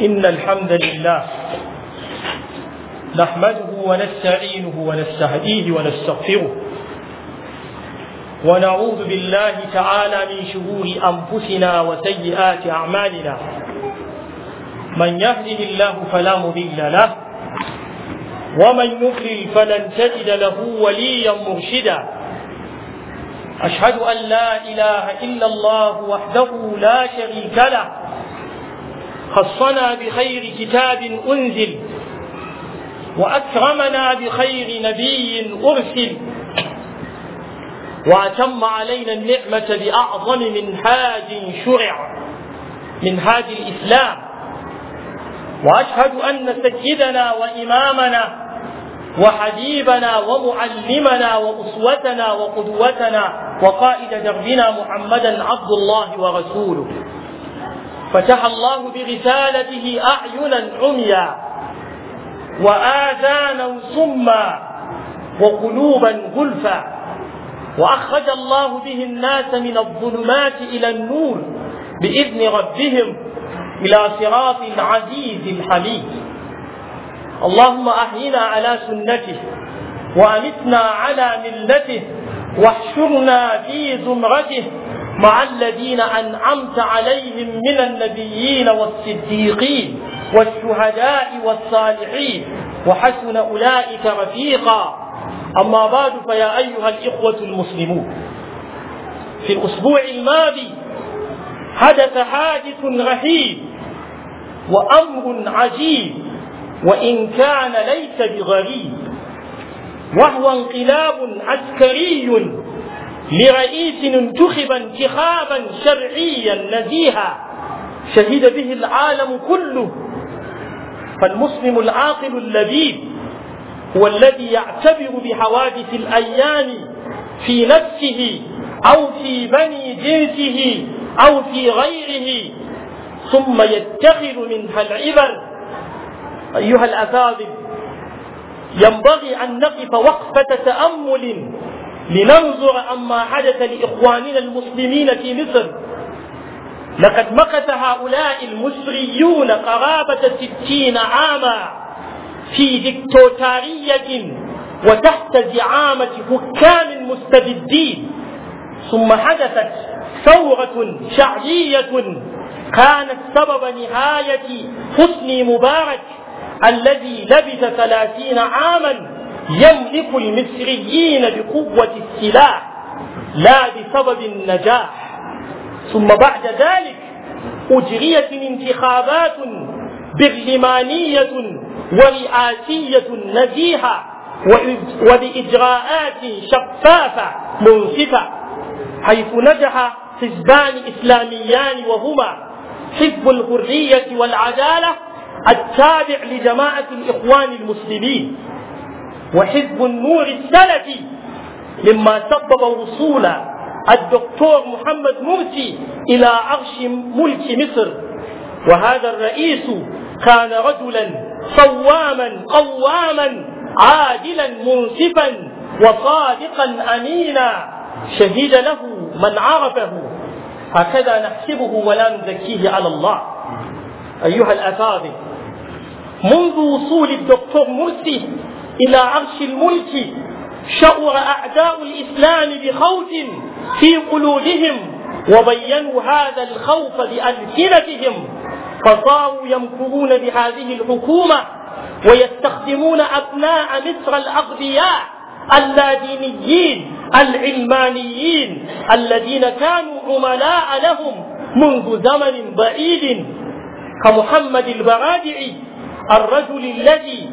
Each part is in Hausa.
إن الحمد لله نحمده ونستعينه ونستهديه ونستغفره ونعوذ بالله تعالى من شرور أنفسنا وسيئات أعمالنا من يهده الله فلا مضل له ومن يضلل فلن تجد له وليا مرشدا أشهد أن لا إله إلا الله وحده لا شريك له خصنا بخير كتاب أنزل وأكرمنا بخير نبي أرسل وأتم علينا النعمة بأعظم منهاج شرع منهاج الإسلام وأشهد أن سيدنا وإمامنا وحبيبنا ومعلمنا وأسوتنا وقدوتنا وقائد دربنا محمدا عبد الله ورسوله فتح الله برسالته أعينا عميا وآذانا صما وقلوبا غلفا وأخرج الله به الناس من الظلمات إلى النور بإذن ربهم إلى صراط العزيز الحميد اللهم أحينا على سنته وأمتنا على ملته واحشرنا في زمرته مع الذين أنعمت عليهم من النبيين والصديقين والشهداء والصالحين وحسن أولئك رفيقا أما بعد فيا أيها الإخوة المسلمون في الأسبوع الماضي حدث حادث رهيب وأمر عجيب وإن كان ليس بغريب وهو انقلاب عسكري لرئيس انتخب انتخابا شرعيا نزيها شهد به العالم كله فالمسلم العاقل اللبيب هو الذي يعتبر بحوادث الايام في نفسه او في بني جنسه او في غيره ثم يتخذ منها العبر ايها الاساتذه ينبغي ان نقف وقفه تامل لننظر عما حدث لإخواننا المسلمين في مصر لقد مكث هؤلاء المصريون قرابة ستين عاما في دكتاتورية وتحت زعامة حكام مستبدين ثم حدثت ثورة شعبية كانت سبب نهاية حسني مبارك الذي لبث ثلاثين عاما يملك المصريين بقوة السلاح لا بسبب النجاح ثم بعد ذلك أجريت انتخابات برلمانية ورئاسية نزيهة وبإجراءات شفافة منصفة حيث نجح حزبان إسلاميان وهما حزب الحرية والعدالة التابع لجماعة الإخوان المسلمين وحزب النور السلفي مما سبب وصول الدكتور محمد مرسي إلى عرش ملك مصر وهذا الرئيس كان رجلا صواما قواما عادلا منصفا وصادقا أمينا شهد له من عرفه هكذا نحسبه ولا نزكيه على الله أيها الأفاضل منذ وصول الدكتور مرسي إلى عرش الملك شعر أعداء الإسلام بخوف في قلوبهم وبينوا هذا الخوف بألسنتهم فصاروا يمكرون بهذه الحكومة ويستخدمون أبناء مصر الأغبياء اللادينيين العلمانيين الذين كانوا عملاء لهم منذ زمن بعيد كمحمد البرادعي الرجل الذي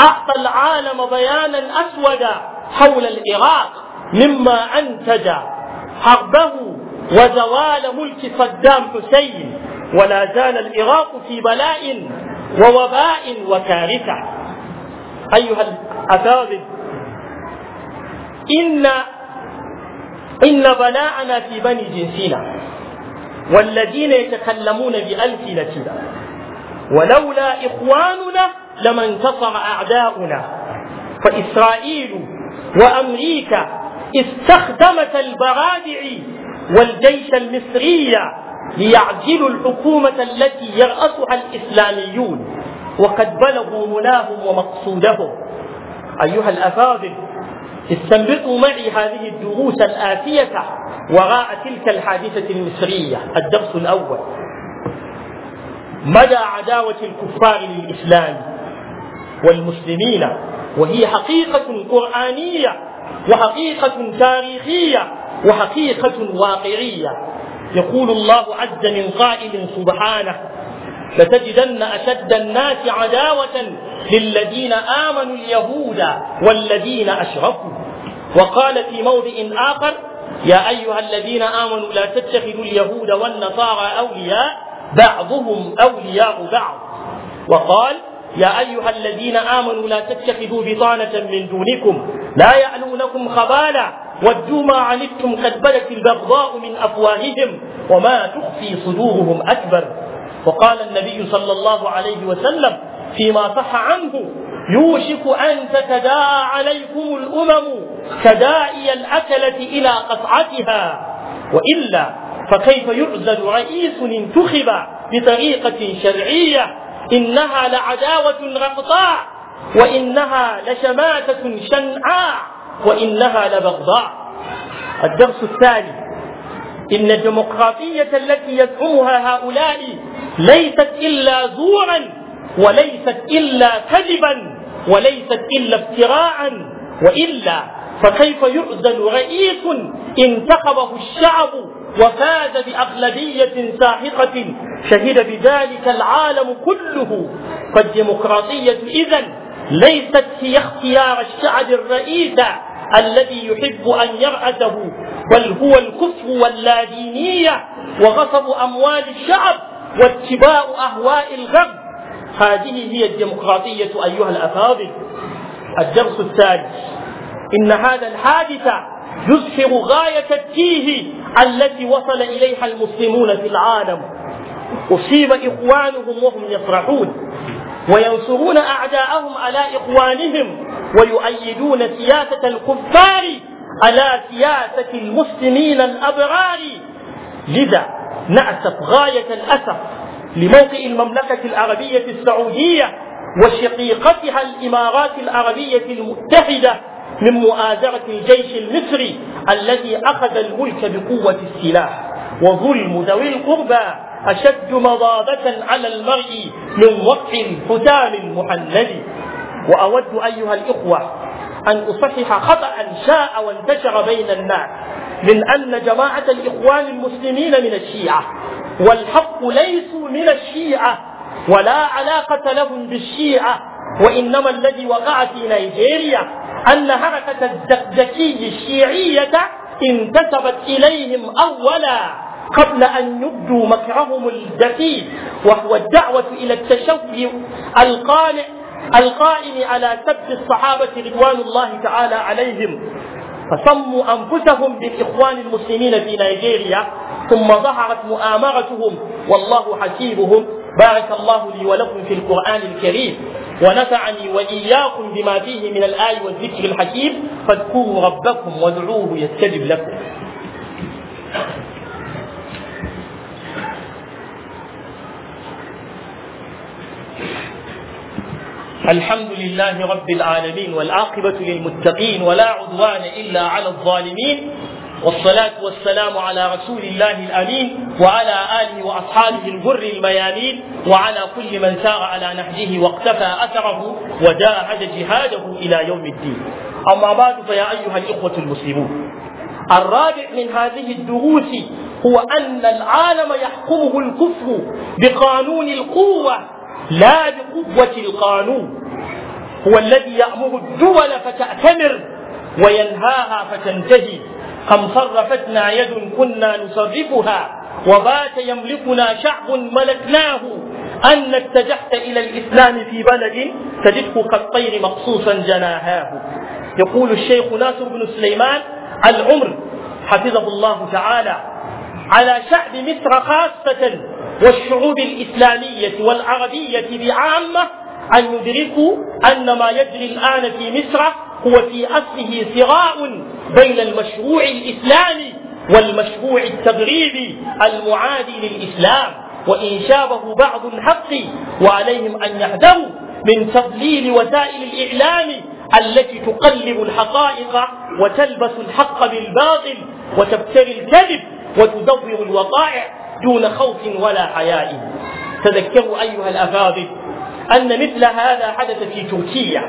أعطى العالم بيانا أسودا حول العراق مما أنتج حربه وزوال ملك صدام حسين ولا زال العراق في بلاء ووباء وكارثة أيها الأساتذة إن إن بلاءنا في بني جنسنا والذين يتكلمون بألسنتنا ولولا إخواننا لما انتصر أعداؤنا فإسرائيل وأمريكا استخدمت البرادع والجيش المصري ليعجلوا الحكومة التي يرأسها الإسلاميون وقد بلغوا مناهم ومقصودهم أيها الأفاضل استنبطوا معي هذه الدروس الآتية وراء تلك الحادثة المصرية الدرس الأول مدى عداوة الكفار للإسلام والمسلمين وهي حقيقة قرآنية وحقيقة تاريخية وحقيقة واقعية يقول الله عز من قائل سبحانه لتجدن أشد الناس عداوة للذين آمنوا اليهود والذين أشركوا وقال في موضع آخر يا أيها الذين آمنوا لا تتخذوا اليهود والنصارى أولياء بعضهم أولياء بعض وقال يا أيها الذين آمنوا لا تتخذوا بطانة من دونكم لا يألونكم خبالا ودوا ما عنتم قد بدت البغضاء من أفواههم وما تخفي صدورهم أكبر وقال النبي صلى الله عليه وسلم فيما صح عنه يوشك أن تتداعى عليكم الأمم كدائي الأكلة إلى قطعتها وإلا فكيف يعزل رئيس انتخب بطريقة شرعية إنها لعداوة غضاء وإنها لشماتة شنعاء وإنها لبغضاء الدرس الثاني إن الديمقراطية التي يزعمها هؤلاء ليست إلا زورا وليست إلا كذبا وليست إلا افتراء وإلا فكيف يؤذن رئيس انتخبه الشعب وفاز باغلبيه ساحقه شهد بذلك العالم كله فالديمقراطيه اذا ليست هي اختيار الشعب الرئيس الذي يحب ان يرأسه بل هو الكفر واللادينيه وغصب اموال الشعب واتباع اهواء الغرب هذه هي الديمقراطيه ايها الافاضل الدرس الثالث ان هذا الحادث يظهر غايه التيه التي وصل إليها المسلمون في العالم أصيب إخوانهم وهم يفرحون وينصرون أعداءهم على إخوانهم ويؤيدون سياسة الكفار على سياسة المسلمين الأبرار لذا نأسف غاية الأسف لموقع المملكة العربية السعودية وشقيقتها الإمارات العربية المتحدة من مؤازرة الجيش المصري الذي أخذ الملك بقوة السلاح وظلم ذوي القربى أشد مضاضة على المرء من وقع الحتام المحند وأود أيها الإخوة أن أصحح خطأ شاء وانتشر بين الناس من أن جماعة الإخوان المسلمين من الشيعة والحق ليسوا من الشيعة ولا علاقة لهم بالشيعة وإنما الذي وقع في نيجيريا أن حركة الدقدقي الشيعية انتسبت إليهم أولا قبل أن يبدوا مكرهم الدقيق وهو الدعوة إلى التشوي القانع القائم على سب الصحابة رضوان الله تعالى عليهم فسموا أنفسهم بالإخوان المسلمين في نيجيريا ثم ظهرت مؤامرتهم والله حسيبهم بارك الله لي ولكم في القرآن الكريم ونفعني وإياكم بما فيه من الآي والذكر الحكيم فاذكروا ربكم وادعوه يستجب لكم الحمد لله رب العالمين والعاقبة للمتقين ولا عدوان إلا على الظالمين والصلاة والسلام على رسول الله الأمين وعلى آله وأصحابه الغر الميامين وعلى كل من سار على نهجه واقتفى أثره وجاهد جهاده إلى يوم الدين أما بعد فيا أيها الإخوة المسلمون الرابع من هذه الدروس هو أن العالم يحكمه الكفر بقانون القوة لا بقوة القانون هو الذي يأمر الدول فتأتمر وينهاها فتنتهي كم صرفتنا يد كنا نصرفها وبات يملكنا شعب ملكناه أن اتجهت إلى الإسلام في بلد تجده كالطير مقصوصا جناهاه يقول الشيخ ناصر بن سليمان العمر حفظه الله تعالى على شعب مصر خاصة والشعوب الإسلامية والعربية بعامة أن يدركوا أن ما يجري الآن في مصر هو في أصله صراع بين المشروع الإسلامي والمشروع التغريبي المعادي للإسلام وإن شابه بعض الحق وعليهم أن يحذروا من تضليل وسائل الإعلام التي تقلب الحقائق وتلبس الحق بالباطل وتبتغي الكذب وتدور الوقائع دون خوف ولا حياء تذكروا أيها الأفاضل أن مثل هذا حدث في تركيا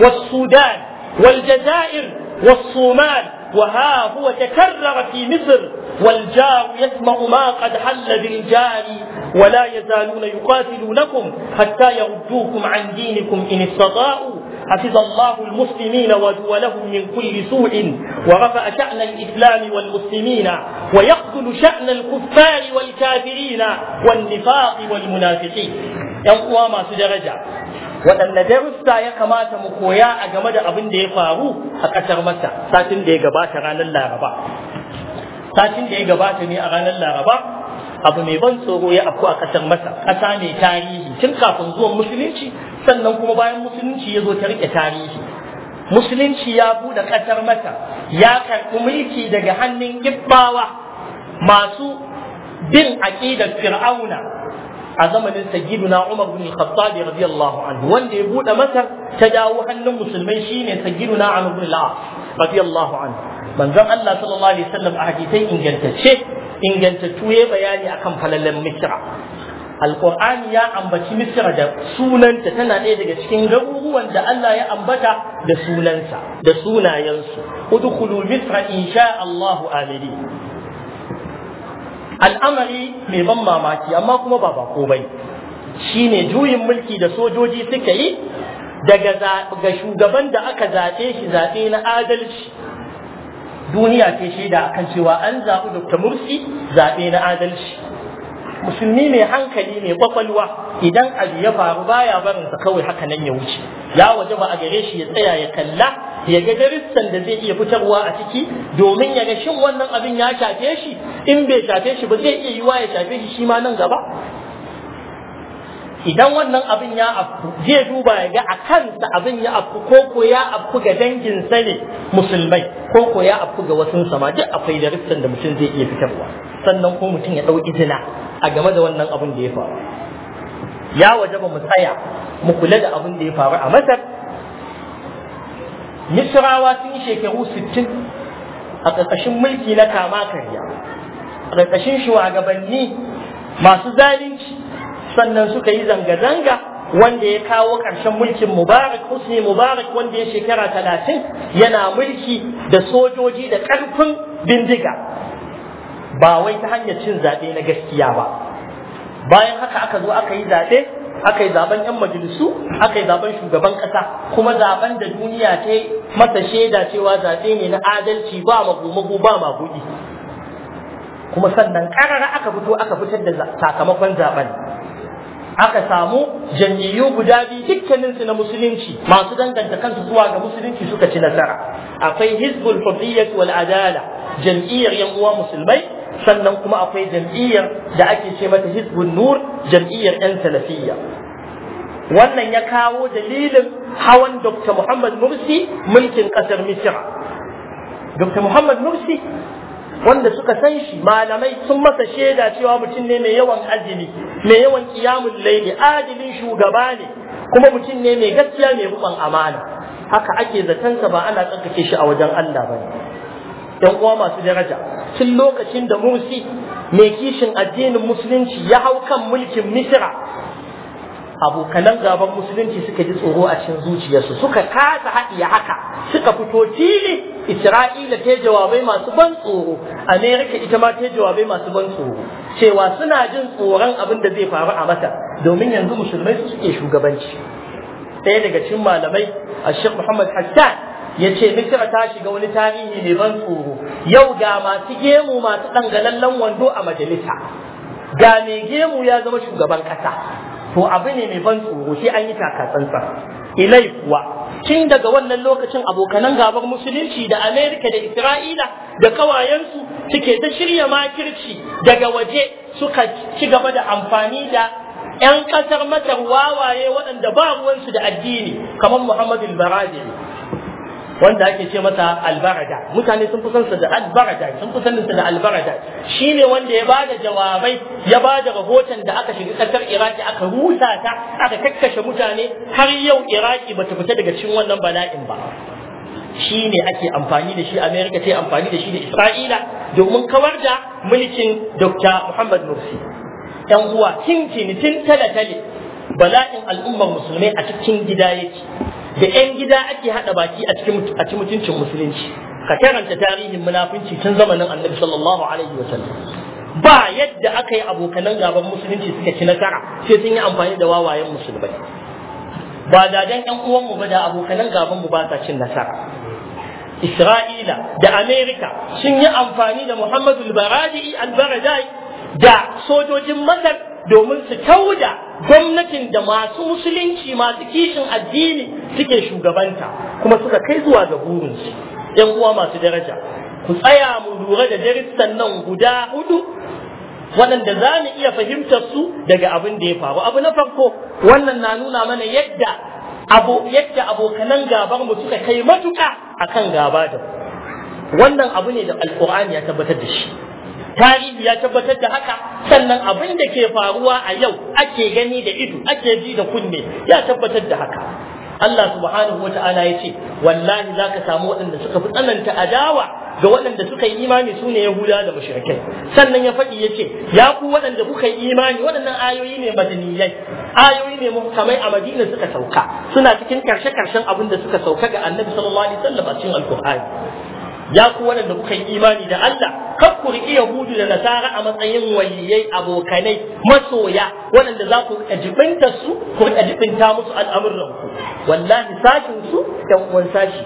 والسودان والجزائر والصومال وها هو تكرر في مصر والجار يسمع ما قد حل بالجار ولا يزالون يقاتلونكم حتى يردوكم عن دينكم إن استطاعوا حفظ الله المسلمين ودولهم من كل سوء ورفع شأن الإسلام والمسلمين ويقتل شأن الكفار والكافرين والنفاق والمنافقين يوم ما سجرجا waɗanne darussa ya kamata mu koya a game da abin da ya faru a ƙasar masa satin da ya gabata ranar Laraba satin da ya gabata ne a ranar Laraba abu mai ban tsoro ya afku a ƙasar masa ƙasa mai tarihi tun kafin zuwan musulunci sannan kuma bayan musulunci ya zo ta riƙe tarihi musulunci ya buɗe ƙasar Mata, ya karɓi mulki daga hannun Gibbawa masu bin aƙidar Fir'auna a zamanin sayyiduna Umar bin Khattab radiyallahu anhu wanda ya bude Masar ta dawo hannun musulmai shine sayyiduna Amr bin al-As radiyallahu anhu manzon Allah sallallahu alaihi wasallam a hadisai ingantacce ingantattu ya bayani akan falalan Misra Alƙur'ani ya ambaci Misra da sunanta tana ɗaya daga cikin garuruwan da Allah ya ambata da sunansa da sunayensu udkhulu misra insha Allahu amini al'amari mai ban mamaki amma kuma ba ko bai shine juyin mulki da sojoji suka yi daga ga shugaban da aka zaɓe shi zaɓe na adalci duniya ce shaida akan cewa an zaɓi Dr. Mursi zaɓe na adalci musulmi mai hankali mai kwakwalwa idan abu ya faru baya barin sa kawai haka nan ya wuce ya waje ba a gare shi ya tsaya ya kalla ya ga darussan da zai iya fitarwa a ciki domin ya ga shin wannan abin ya shafe shi in bai shafe shi ba zai iya yiwa ya shafe shi shi ma nan gaba idan wannan abin ya afku zai duba ya ga a kansa abin ya afku ko ko ya afku ga danginsa ne musulmai ko ko ya afku ga wasu sama duk akwai darussan da mutum zai iya fitarwa sannan ko mutum ya ɗau izina a game da wannan abin da ya faru ya wajaba mu tsaya mu kula da abin da ya faru a masar Misirawa sun shekaru 60 a ƙarƙashin mulki na kama karya a ƙarƙashin shugabanni masu zalunci sannan suka yi zanga-zanga wanda ya kawo ƙarshen mulkin mubarak husni mubarak wanda ya shekara talatin yana mulki da sojoji da ƙarfin bindiga ba wai ta hanyar cin zaɓe na gaskiya ba bayan haka aka zo aka yi zaɓe aka yi zaben yan majalisu aka yi zaben shugaban ƙasa kuma zaɓen da duniya ta yi masa shaida cewa zaɓe ne na adalci ba magumagu ba magudi kuma sannan ƙarara aka fito aka fitar da sakamakon zaɓen aka samu jam'iyyu guda biyu dukkaninsu na musulunci masu danganta kansu zuwa ga musulunci suka ci nasara akwai hizbul hurriyyat wal adala jam'iyyar yan uwa musulmai sannan kuma akwai jam'iyyar da ake ce mata hizbun nur jam'iyyar 'yan salafiyya wannan ya kawo dalilin hawan dr muhammad mursi mulkin ƙasar misira dr muhammad mursi wanda suka san shi malamai sun masa shaida cewa mutum ne mai yawan azumi mai yawan kiyamun laili adilin shugaba ne kuma mutum ne mai gaskiya mai rubon amana haka ake zatansa ba ana tsarkake shi a wajen Allah ba yan uwa masu daraja tun lokacin da mursi mai kishin addinin musulunci ya hau kan mulkin misira abokanan gaban musulunci suka ji tsoro a cikin zuciyarsu suka kasa haɗiya haka suka fito fili isra'ila ta jawabai masu ban tsoro amerika ita ma ta jawabai masu ban tsoro cewa suna jin tsoron abin da zai faru a mata domin yanzu musulmai su suke shugabanci ɗaya daga cikin malamai a shek muhammad hassan ya ce misira ta shiga wani tarihi mai ban tsoro yau ga masu gemu masu ɗangalallen wando a majalisa ga mai gemu ya zama shugaban ƙasa to abu ne mai ban tsoro sai an yi takatsantsa ilai kuwa tun daga wannan lokacin abokanan gabar musulunci da amerika da isra'ila da kawayensu suke ta shirya makirci daga waje suka ci gaba da amfani da 'yan ƙasar masar wawaye waɗanda ba ruwansu da addini kamar muhammadu barazili wanda ake ce masa albarada mutane sun kusan sa da albarada sun fi sa da albarada shine wanda ya bada jawabai ya bada rahoton da aka shiga kasar iraki aka rusa ta aka kakkashe mutane har yau iraki bata fita daga cikin wannan bala'in ba shi ne ake amfani da shi amerika ce amfani da shi da isra'ila domin kawar da mulkin dr muhammad mursi yan uwa tintini tin tale tale bala'in al'ummar musulmai a cikin gida yake da 'yan gida ake haɗa baki a cikin mutuncin musulunci ka karanta tarihin munafunci tun zamanin annabi sallallahu alaihi wa sallam ba yadda aka yi abokanan gaban musulunci suka ci nasara sai sun yi amfani da wawayen musulmai ba da dan ƴan uwanmu ba da abokanan gaban mu ba sa cin nasara Isra'ila da Amerika sun yi amfani da Muhammadu al-Baradi al-Baradai da sojojin Masar domin su tauda gwamnatin da masu musulunci masu kishin addini suke shugabanta kuma suka kai zuwa ga burinsu yan uwa masu daraja ku tsaya mu lura da darussan nan guda hudu waɗanda za mu iya fahimtar su daga abin da ya faru abu na farko wannan na nuna mana yadda abu yadda abokanan gabar mu suka kai matuka akan gaba da wannan abu ne da alkur'ani ya tabbatar da shi tarihi ya tabbatar da haka sannan abin da ke faruwa a yau ake gani da ido ake ji da kunne ya tabbatar da haka Allah subhanahu wata'ala ya ce wallahi za ka samu waɗanda suka fi tsananta adawa ga waɗanda suka yi imani su ne Yahuda da mushrikai sannan ya faɗi ya ce ya ku waɗanda kuka yi imani waɗannan ayoyi ne madaniyai ayoyi ne muhkamai a Madina suka sauka suna cikin karshe-karshen abin da suka sauka ga Annabi sallallahu alaihi wasallam a cikin Alkur'ani ya ku waɗanda kuka yi imani da Allah kar ku riƙi Yahudu da Nasara a matsayin waliyai abokanai masoya waɗanda za ku riƙa jibinta su ku riƙa jibinta musu al'amuran ku wallahi sashin su da uwan sashi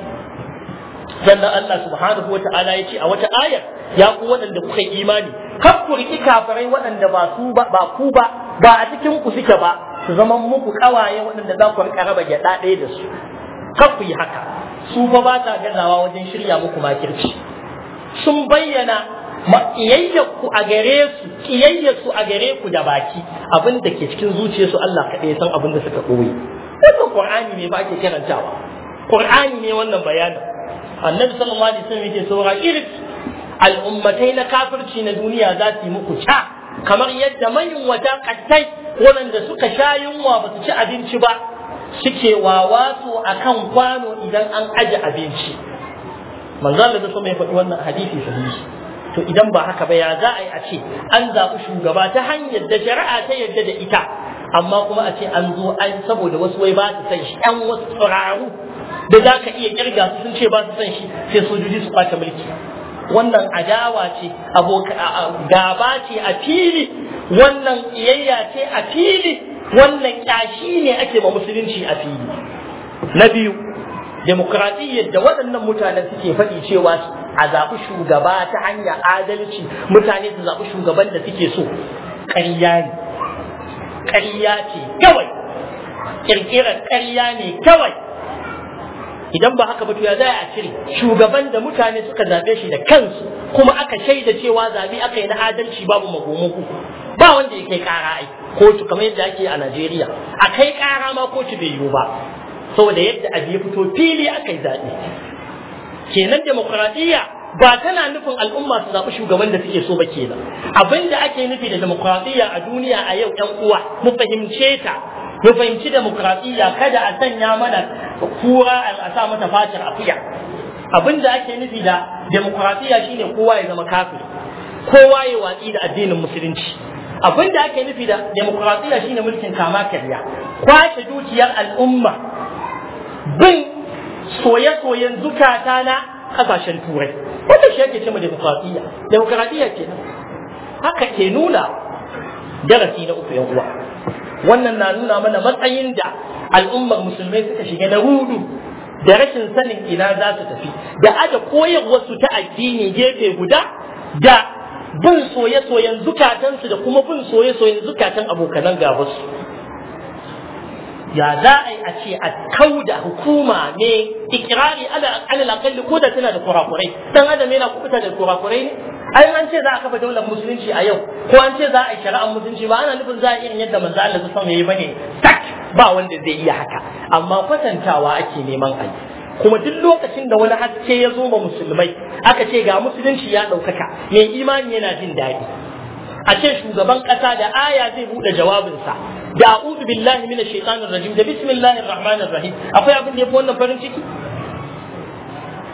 sannan Allah subhanahu wa ta'ala ya ce a wata ayar ya ku waɗanda kuka yi imani kar ku riƙi kafirai waɗanda ba su ba ba ku ba ba a cikin ku suke ba su zama muku ƙawaye waɗanda za ku riƙa raba gyaɗa ɗaya da su Kar ku yi haka su fa ba ta gazawa wajen shirya muku makirci sun bayyana ku a gare su a gare ku da baki abin da ke cikin zuciyarsu Allah kaɗai san abin da suka ɓoye. wannan ƙur'ani ne ba ake karantawa qur'ani ne wannan bayanin annabi sallallahu alaihi wasallam yake saura irin al'ummatai na kafirci na duniya za su yi muku ca kamar yadda mayunwata kattai waɗanda suka sha yunwa ba su ci abinci ba suke wawato kan kwano idan an aje abinci manzan da zai mai faɗi wannan hadisi sahihi to idan ba haka ba ya za a yi a ce an zaɓi shugaba ta hanyar da shari'a ta yarda da ita amma kuma a ce an zo an saboda wasu wai ba su san shi 'yan wasu tsiraru da za ka iya kirga su sun ce ba su san shi sai sojoji su kwace mulki wannan adawa ce gaba ce a fili wannan iyayya ce a fili wannan kyashi ne ake ma musulunci a fili na biyu demokradiyyar da waɗannan mutanen suke faɗi cewa a zaɓi shugaba ta hanya adalci mutane su zaɓi shugaban da suke so ƙarya ne ƙarya ce kawai ƙirƙirar ƙarya ne kawai idan ba haka ba to ya za a cire shugaban da mutane suka zaɓe shi da kansu kuma aka shaida cewa zaɓe aka yi na adalci babu magomo ba wanda ya kai kara ai kotu kamar yadda ake a Najeriya a kai kara ma kotu bai yiwu ba saboda yadda a ya fito fili aka yi zaɓe kenan demokuraɗiyya ba tana nufin al'umma su zaɓi shugaban da suke so ba kenan abin da ake nufi da demokuraɗiyya a duniya a yau ɗan uwa mu fahimce ta mu fahimci demokuraɗiyya kada a sanya mana kura a sa mata fatar fiya. abin da ake nufi da demokuraɗiyya shine kowa ya zama kafir kowa ya watsi da addinin musulunci abin da ake nufi da demokradiyya shine mulkin kama karya kwace dukiyar al'umma bin soye-soyen zukata na kasashen turai wata shi ake cewa demokradiyya demokradiyya ke haka ke nuna darasi na uku yan uwa wannan na nuna mana matsayin da al'ummar musulmai suka shiga na hudu da rashin sanin ina za su tafi da aje koyarwarsu ta addini gefe guda da bin soye-soyen zukatansu da kuma bin soye-soyen zukatan abokanan gabansu ya za a yi a ce a kau da hukuma ne ikirari alal akalli ko da tana da kurakurai dan adam yana kubuta da kurakurai ne ai an ce za a kafa daular musulunci a yau ko an ce za a yi shari'ar musulunci ba ana nufin za a irin yadda manzo Allah ya yi ne. tak ba wanda zai iya haka amma kwatantawa ake neman ayi kuma duk lokacin da wani haske ya zo ma musulmai aka ce ga musulunci ya ɗaukaka mai imani yana jin daɗi a ce shugaban ƙasa da aya zai buɗe jawabinsa da a'udhu billahi minash shaitanir rajim da bismillahir rahmanir rahim akwai abin da yafi wannan farin ciki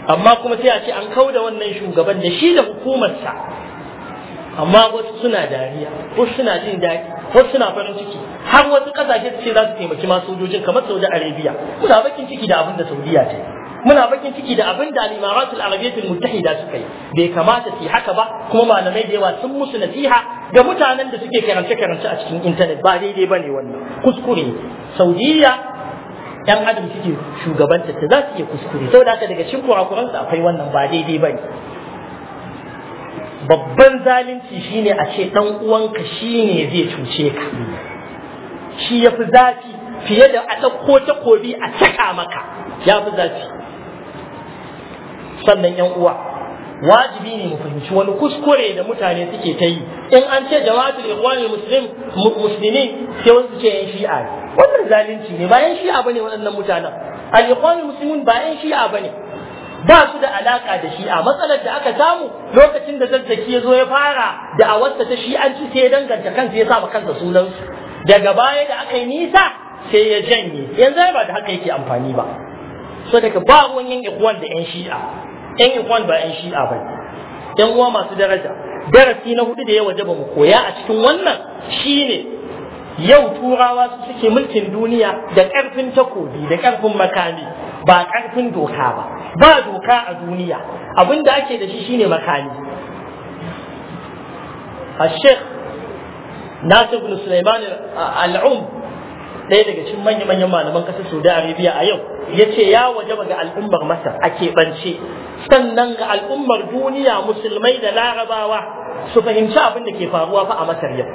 amma kuma sai a ce an kauda wannan shugaban da shi da hukumarsa amma wasu suna dariya wasu suna jin daɗi wasu suna farin ciki har wasu ƙasashe su ce za su taimaki ma sojojin kamar saudi arabia muna bakin ciki da abin da saudiya ta muna bakin ciki da abin da al-imaratul arabiyyatul muttahida suka yi bai kamata su haka ba kuma malamai da yawa sun musu nasiha ga mutanen da suke karance karance a cikin intanet ba daidai bane wannan kuskure saudiya yan adam suke shugabanta ta za su iya kuskure saboda haka daga cikin kurakuransu akwai wannan ba daidai bane babban zalunci shine a ce dan uwanka shine zai cuce ka shi ya fi zafi fiye da a ɗauko takobi a caka maka ya fi zafi sannan yan uwa wajibi ne mu fahimci wani kuskure da mutane suke ta yi in an ce jama'atul ikhwanul muslim muslimin sai wasu ce yan shi'a wannan zalunci ne bayan shi'a bane waɗannan mutanen al ikhwanul muslimin ba yan shi'a bane ba su da alaka da shi'a matsalar da aka samu lokacin da zazzaki ya zo ya fara da awarsa ta shi'anci sai ya danganta kansa ya sa kansa sunan daga baya da aka yi nisa sai ya janye yanzu ba da haka yake amfani ba so daga ba ruwan yan ikwan da yan shi'a yan ikwan ba yan shi'a ba yan uwa masu daraja darasi na hudu da ya waje ba mu koya a cikin wannan shine yau turawa su suke mulkin duniya da karfin takobi da karfin makami ba ƙarfin doka ba ba doka a duniya abin da ake da shi shine makani A sheikh nasir bin sulaiman al'um ɗaya daga cikin manya manyan malaman ƙasar Saudi Arabia a yau ya ce ya waje ga al'ummar Masar a keɓance sannan ga al'ummar duniya musulmai da larabawa su fahimci abin da ke faruwa fa a Masar yau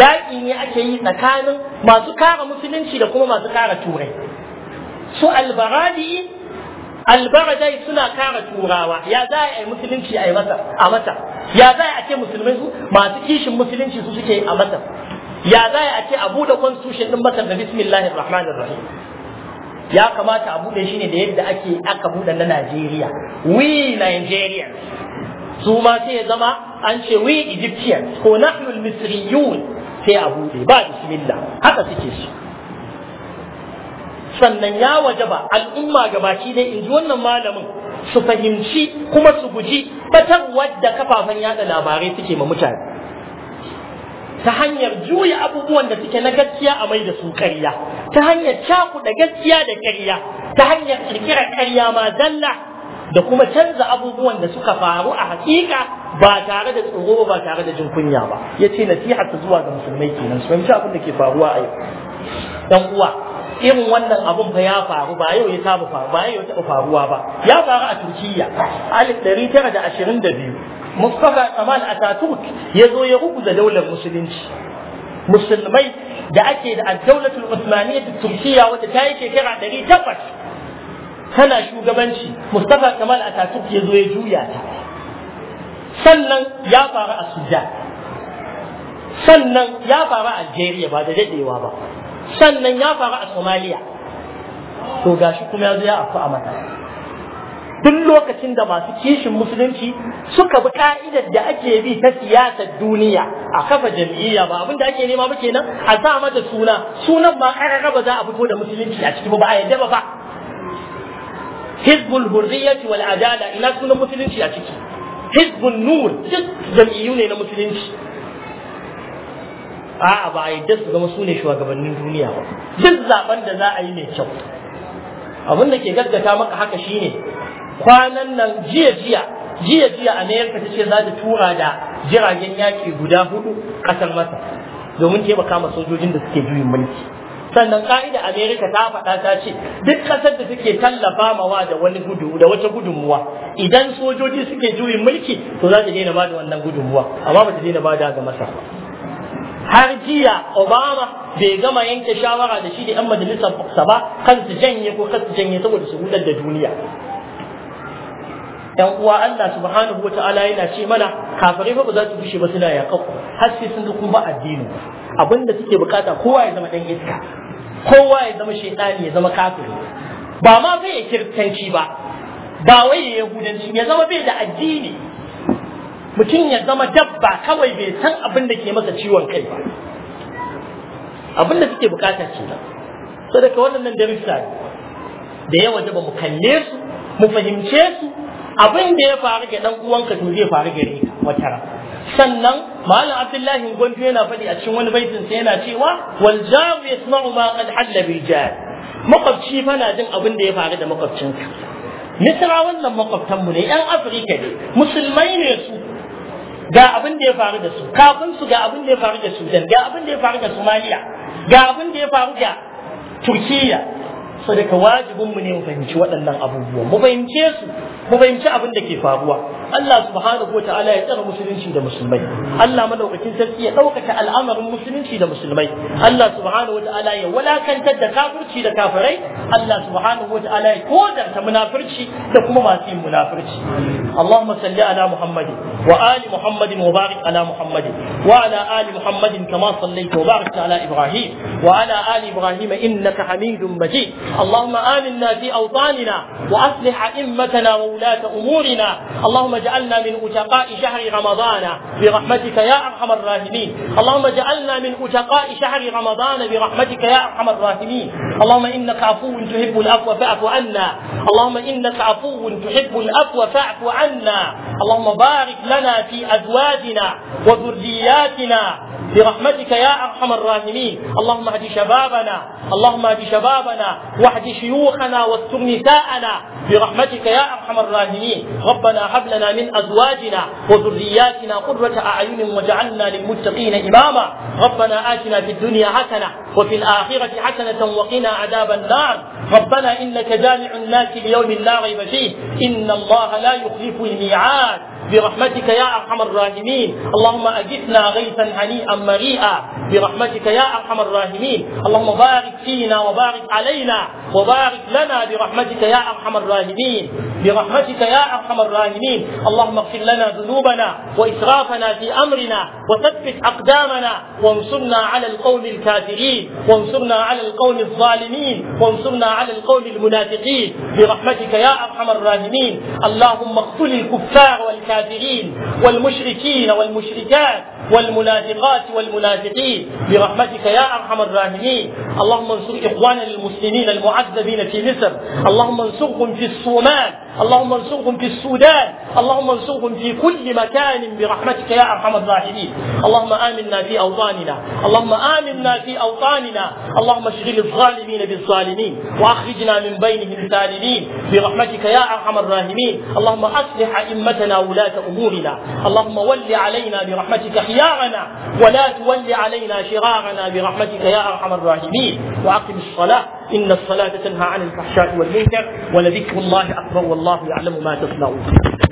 yaƙi ne ake yi tsakanin masu kara musulunci da kuma masu kara turai su albaradi albaradai suna kara turawa ya za a yi musulunci a mata ya za a ce musulmai su masu kishin musulunci su suke a mata ya za a ce a bude constitution din masar da bismillahir rahmanir rahim ya kamata a buɗe shi ne da yadda ake aka bude na Najeriya we Nigerians su ma sai ya zama an ce we Egyptians ko nahnu al-misriyun sai a buɗe ba bismillah haka suke su sannan ya wajaba al'umma gabaki dai in ji wannan malamin su fahimci kuma su guji batarwar da kafafen yada labarai suke ma mutane ta hanyar juya abubuwan da suke na gaskiya a mai da su ƙarya ta hanyar cakuɗa gaskiya da karya, ta hanyar ƙirƙirar karya ma zalla da kuma canza abubuwan da suka faru a hakika ba tare da tsoro ba tare da jin kunya ba yace nasiha ta zuwa ga musulmai kenan su fahimci abin da ke faruwa a yau dan uwa irin wannan abun fa ya faru ba yau ya saba faru ba yau ya taba faruwa ba ya faru a Turkiyya. alif ɗari tara da ashirin da biyu Mustafa Kemal Atatürk ya zo ya da daular musulunci musulmai da ake da ad-daulatul Usmaniyya ta Turkiya wadda ta yi shekara ɗari takwas tana shugabanci Mustafa Kemal Atatürk ya zo ya juya ta sannan ya faru a Sudan sannan ya faru a Algeria ba da dadewa ba sannan ya faru a somaliya to gashi kuma ya zo ya a mata duk lokacin da masu kishin musulunci suka bi ka'idar da ake bi ta siyasar duniya a kafa jam'iyya ba abin da ake nema ba kenan a sa mata suna sunan ba karara ba za a fito da musulunci a ciki ba a yadda ba fa hizbul hurriyyati wal adala ina sunan musulunci a ciki hizbun nur duk jam'iyyu ne na musulunci a'a ba a yadda su zama su ne shugabannin duniya ba duk zaben da za a yi mai kyau abin da ke gaggata maka haka shine kwanan nan jiya jiya jiya jiya amerika ta ce za ta tura da jiragen yaki guda hudu ƙasar masa domin taimaka ma sojojin da suke juyin mulki sannan ka'ida amerika ta faɗa ta ce duk ƙasar da suke tallafa mawa da wani gudu da wata gudunmuwa idan sojoji suke juyin mulki to za ta daina ba da wannan gudunmuwa amma ba ta daina ba da ga masar har jiya obama bai gama yanke shawara da shi da yan majalisar sa ba kan su janye ko kan su janye saboda su hudar da duniya yan uwa Allah subhanahu wa ta'ala yana ce mana kafirai fa ba za su bushe ba suna yaƙa'u har sai sun duk ba addini abinda suke bukata kowa ya zama ɗan iska kowa ya zama shaitani ya zama kafiri ba ma zai ya kirkanci ba ba wai ya yahudanci ya zama bai da addini mutum ya zama dabba kawai bai san abin da ke masa ciwon kai ba abin da suke bukata ce nan daga waɗannan darussa da yawa da ba mu kalle su mu fahimce su abin da ya faru ga dan uwanka to zai faru gare ka wata sannan malam abdullahi gwandu yana faɗi a cikin wani baitin sai yana cewa wal jaru yasma'u ma qad halla bil jar makwabci fa na jin abin da ya faru da makwabcinka misra wannan makwabtan mu ne yan afirka ne musulmai ne su ga abin da ya faru da su kafin su ga abin da ya faru da Sudan ga abin da ya faru da Somaliya, ga abin da ya faru da Turkiya so daga wajibin ne mu fahimci waɗannan abubuwan mu fahimce su mu fahimci abin da ke faruwa Allah subhanahu wa ta'ala ya tsara musulunci da musulmai Allah madaukakin sarki ya ɗaukaka al'amarin musulunci da musulmai Allah subhanahu wa ta'ala ya walakantar da kafirci da kafirai Allah subhanahu wa ta'ala ya kodarta munafurci da kuma masu yin munafirci Allahumma salli ala Muhammadin wa ali Muhammadin wa barik ala Muhammadin wa ala ali Muhammadin kama sallaita wa barakta ala Ibrahim wa ala ali Ibrahim innaka Hamidum Majid Allahumma aminna fi awtanina wa aslih a'immatana wa ulata umurina Allahumma اجعلنا من أتقاء شهر رمضان برحمتك يا أرحم الراحمين اللهم اجعلنا من أتقاء شهر رمضان برحمتك يا أرحم الراحمين اللهم إنك عفو تحب العفو فاعف عنا اللهم إنك عفو تحب العفو فاعف عنا اللهم بارك لنا في أزواجنا وذرياتنا برحمتك يا ارحم الراحمين، اللهم اهد شبابنا، اللهم اهد شبابنا واهد شيوخنا واستر نساءنا برحمتك يا ارحم الراحمين، ربنا هب لنا من أزواجنا وذرياتنا قرة أعين وجعلنا للمتقين إماما ربنا آتنا في الدنيا حسنة وفي الآخرة حسنة وقنا عذاب النار ربنا إنك جامع الناس ليوم لا ريب فيه إن الله لا يخلف الميعاد برحمتك يا ارحم الراحمين اللهم اجثنا غيثا هنيئا مريئا برحمتك يا ارحم الراحمين اللهم بارك فينا وبارك علينا وبارك لنا برحمتك يا ارحم الراحمين برحمتك يا ارحم الراحمين اللهم اغفر لنا ذنوبنا وإسرافنا في أمرنا وثبت أقدامنا وانصرنا على القوم الكافرين وانصرنا على القوم الظالمين وانصرنا على القوم المنافقين برحمتك يا أرحم الراحمين اللهم اقتل الكفار والكافرين والمشركين والمشركات والمنافقات والمنافقين برحمتك يا ارحم الراحمين اللهم انصر اخواننا المسلمين المعذبين في مصر اللهم انصرهم في الصومال اللهم انصرهم في السودان اللهم انصرهم في كل مكان برحمتك يا ارحم الراحمين اللهم امنا في اوطاننا اللهم امنا في اوطاننا اللهم اشغل الظالمين بالظالمين واخرجنا من بينهم سالمين برحمتك يا ارحم الراحمين اللهم اصلح ائمتنا ولاة امورنا اللهم ول علينا برحمتك حيا خيارنا ولا تول علينا شرارنا برحمتك يا ارحم الراحمين واقم الصلاه ان الصلاه تنهى عن الفحشاء والمنكر ولذكر الله اكبر والله يعلم ما تصنعون